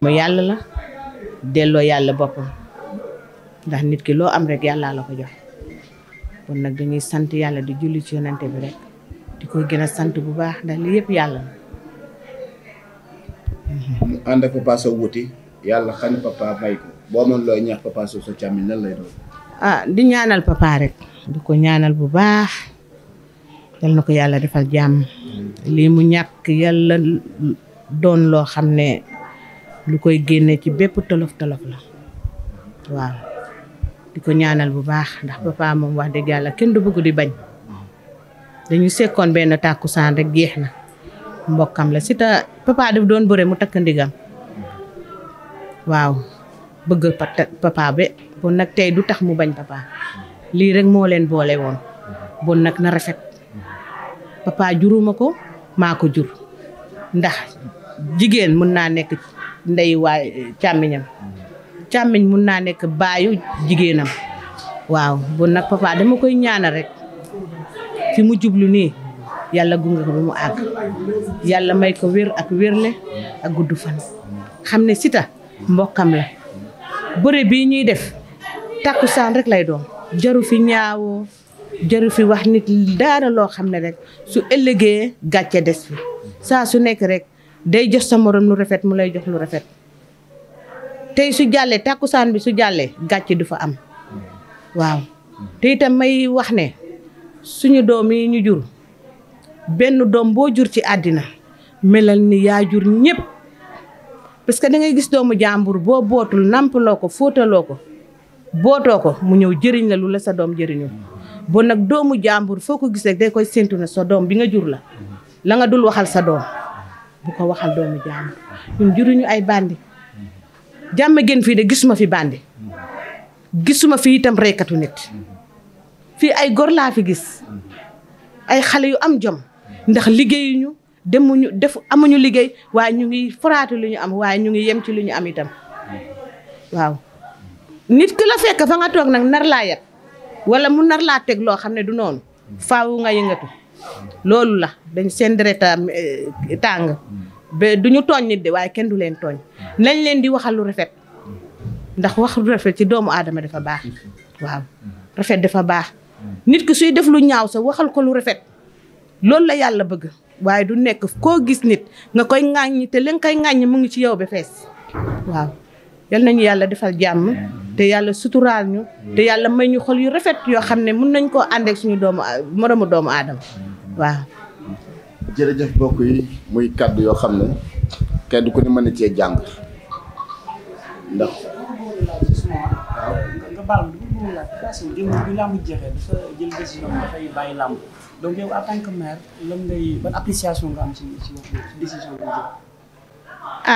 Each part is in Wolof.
ma yàlla la delloo yàlla boppam ndax nit ki loo am rek yàlla la ko jox kon nag dañuy sant yàlla di julli ci yonante bi rek di koy gën a sant bu baax ndax li yëpp yàlla la mu ànd ak papa Sow wuti yàlla xani papa may ko boo mën looy ñaax papa sa càmmiñ lan lay doon ah di ñaanal papa rek di ko ñaanal bu baax yal na ko yàlla defal jàmm mm. lii mu ñàkk yàlla doon loo xam ne lu koy génne ci bépp tolof tolof la waaw di ko ñaanal bu baax ndax papa moom wax dëgg yàlla kenn du bëgg di bañ dañu sekkoon benn tàkkusaan rek jeex na mbokkam la Siteu papa daf doon bëre mu takk ndigam waaw bëgg papa be bon nag tey du tax mu bañ papa lii rek moo leen boole woon bon nag na rafet papa juruma ko maa ko jur ndax jigéen mën naa nekk ndey waay eh, càmmiñam càmmiñ mun naa nekk baayu jigéenam waaw bon nag papa dama koy ñaana rek fi mu jublu nii yàlla gunge ko ba mu àgg yàlla may ko wér ak wérle ak gudd fan xam ne sita mbokkam la bëre bii ñuy def takkusaan rek lay doon jaru fi ñaawoo jaru fi wax nit daara loo xam ne rek su ëllëgee gàcce des fi saa su nekk rek day jox sa morom lu rafet mu lay jox lu rafet tey su jàllee tàkkusaan bi su jàllee gàcce du fa am waaw te itam may wax ne suñu doom yi ñu jur benn doom boo jur ci àddina melal ni yaa jur ñëpp parce que da ngay gis doomu jàmbur boo bootul nampaloo ko fóotaloo ko bootoo ko mu ñëw jëriñ la lu la sa doom jëriñul bon nag doomu jàmbur foo ko gisee rek day koy séntu na sa doom bi nga jur la la nga dul waxal sa doom bu ko waxal doomu jàmm ñun juruñu ay bandi jàmm gën fii de gisuma fi bandi gisuma fi itam reykatu nit fii ay gor laa fi gis ay xale yu am jom ndax liggéeyuñu demuñu amuñu liggéey waaye ñu ngi foraatu lu ñu am waaye ñu ngi yem ci lu ñu am itam waaw nit ki la fekk fa nga toog nag nar laa yat wala mu nar laa teg loo xam ne du noonu faawu nga yëngatu loolu la dañ seen deret eh, tàng ba du ñu tooñ nit de waaye kenn du leen tooñ nañ leen di waxal lu rafet ndax wax lu rafet ci doomu aadama dafa baax waaw rafet dafa baax nit ki suy def lu ñaaw sa waxal ko lu rafet loolu la yàlla bëgg waaye du nekk koo gis nit nga koy ŋàññi te li koy ŋàññi mu ngi ci yow bi fees waaw yal nañu yàlla defal jàmm te yàlla suturaal ñu te yàlla may ñu xol yu rafet yoo xam ne mun nañ koo àndeek suñu doomu moromu doomu aadama waaw. jërëjëf mbokk yi muy kàddu yoo xam ne kenn ko ne mën na cee jàng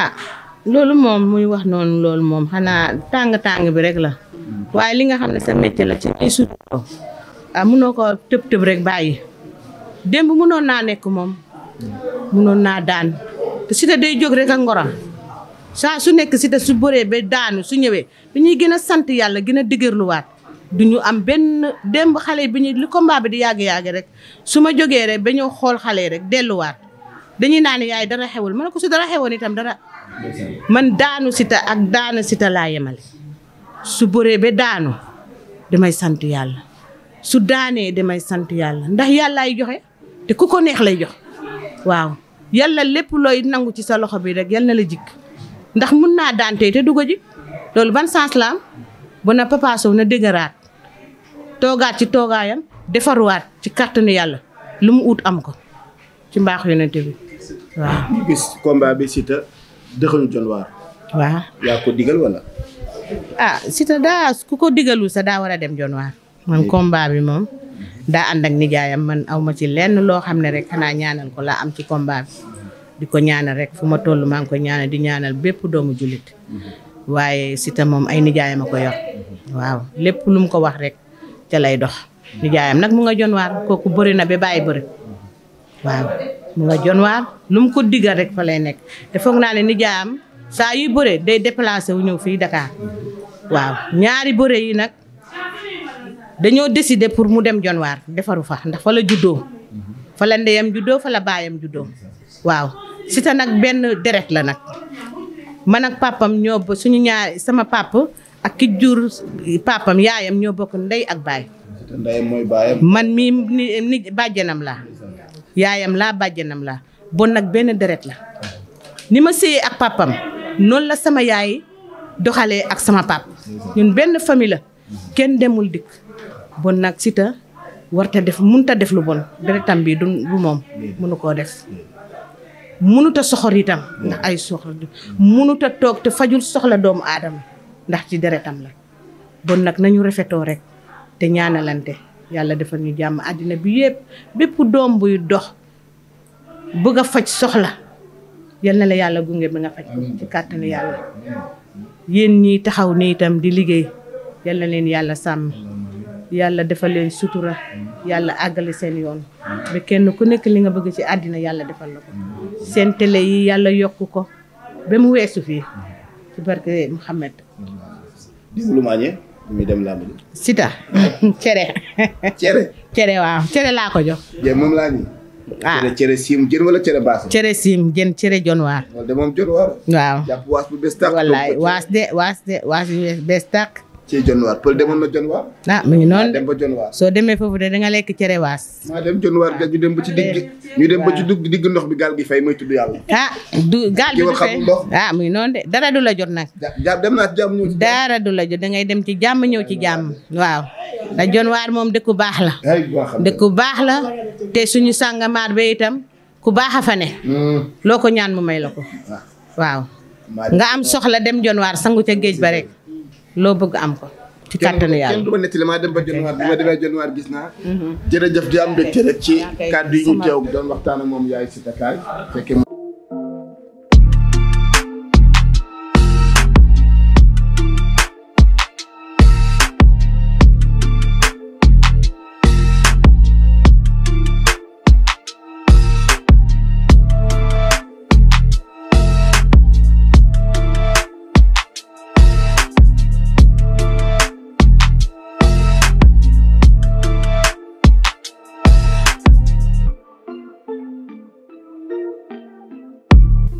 ah loolu moom muy wax noonu loolu moom xanaa tàng-tàng bi rek la hmm. waaye li nga xam ne sa métier la ci ngay sut ah, munoo ko tëb tëb rek bàyyi démb mënoon naa nekk moom mënoon naa daan te Siteu day jóg rek ak ngoram saa su nekk Siteu su bëree ba daanu su ñëwee ñuy gën a sant yàlla gën a dëgërluwaat du ñu am benn démb xale bi ñu li combat bi di yàgg-yàgg rek su ma jógee rek ba ñëw xool xale rek delluwaat dañuy naan yaay dara xewul man ko si dara xewoon itam dara man daanu Siteu ak daanu Siteu laa yemale su bëree ba daanu damay sant yàlla su daanee damay sant yàlla ndax yàllaay joxe te ku ko neex lay jox waaw yàlla lépp looy nangu ci sa loxo bi rek yal na la jikk ndax mun naa daan tey te du ko ji loolu ban sens la am bu na Papa na dëgëraat toogaat ci toogaayam defaruwaat ci kàttanu yàlla lu mu ut am ko ci mbaax yonente bi waaw. ñu gis combat bi Siteu dëxañu John Waar. yaa ko digal wala. ah Siteu daa ku ko digalul sa daa war a dem John Waar. man combat bi moom. daa ànd ak nijaayam man aw ma ci lenn loo xam ne rek xanaa ñaanal ko laa am ci combat di ko ñaanal rek fu ma toll maa ngi ko ñaanal di ñaanal bépp doomu jullit waaye Siteu moom ay nijaayam ko yor waaw lépp lu mu ko wax rek ca lay dox nijaayam nag mu nga jon waar kooku bëri na ba bàyyi bëri waaw mu nga jon waar lu mu ko digal rek fa lay nekk te foog naa ne nijaayam saa yuy bëre day déplacé wu ñëw fii Dakar waaw ñaari bëre yi nag dañoo décider pour mu dem jonwaar defaru fa ndax fa la juddoo mhm. fa la ndeyam juddoo fa la baayam juddoo waaw Siteu nag benn deret la nag man ak papam ñoo suñu ñaar sama pap ak ki jur papam yaayam ñoo bokk ndey ak baay man mii ni bàjjanam laa yaayam laa bàjjanam laa bon nag benn deret la ni ma séyee ak papam noonu la sama yaay doxalee ak sama pap mhm. ñun benn famille la kenn demul dikk bon nag Siteu warta def mënuta def lu bon deretam bii du du moom mënu koo def mënuta soxor itam ndax ay soxla mënuta toog te fajul soxla doomu aadama ndax ci deretam la bon nag nañu rafetoo rek te ñaanalante yàlla defal ñu jàmm àddina bi yëpp bépp doom buy dox bëgg a faj soxla yal na la yàlla gunge bi nga faj ko ci kàttanu yàlla yéen ñiy taxaw ni itam di liggéey yal leen yàlla sàmm yàlla defal leen sutura yàlla àggale seen yoon ba kenn ku nekk li nga bëgg ci àddina yàlla defal la ko seen télé yi yàlla yokk ko ba mu weesu fii ci barke Mouhamed. lu maañee sita cere. cere cere laa ko jox. jën moom laa ah. cere siim jën cere jon waar. waaw waas bu bees tàq. waas de waas bu bees tàq. ci jonwaar pël demoon na jonwaar. ah mu ngi noonu ah, dem ba soo demee foofu de da nga lekk cerewaas. maa dem jonwaar ga ñu ci digg. ñu dem ba ci dugg digg ndox bi gaal gi fay may tudd yàlla. ah du gaal gi du fay ah de dara du la jot nag. ja dem naa jàmm dara du la jot da ngay dem ci jàmm ñëw ci jàmm. waaw da jonwaar moom dëkku baax la. dëkku baax la te suñu sàngamaar ba itam ku baax a fa ne. Hmm. loo ko ñaan mu may la ko. Ah. waaw nga am soxla dem jonwaar sangu ca géej ba rek. loo bëgg am ko. ci a yàlla kenn du ma nettali maa dem ba jonwaar bi ma demee mhm. di am mbégte rek ci yi ñu teew doon moom yaay si Dakar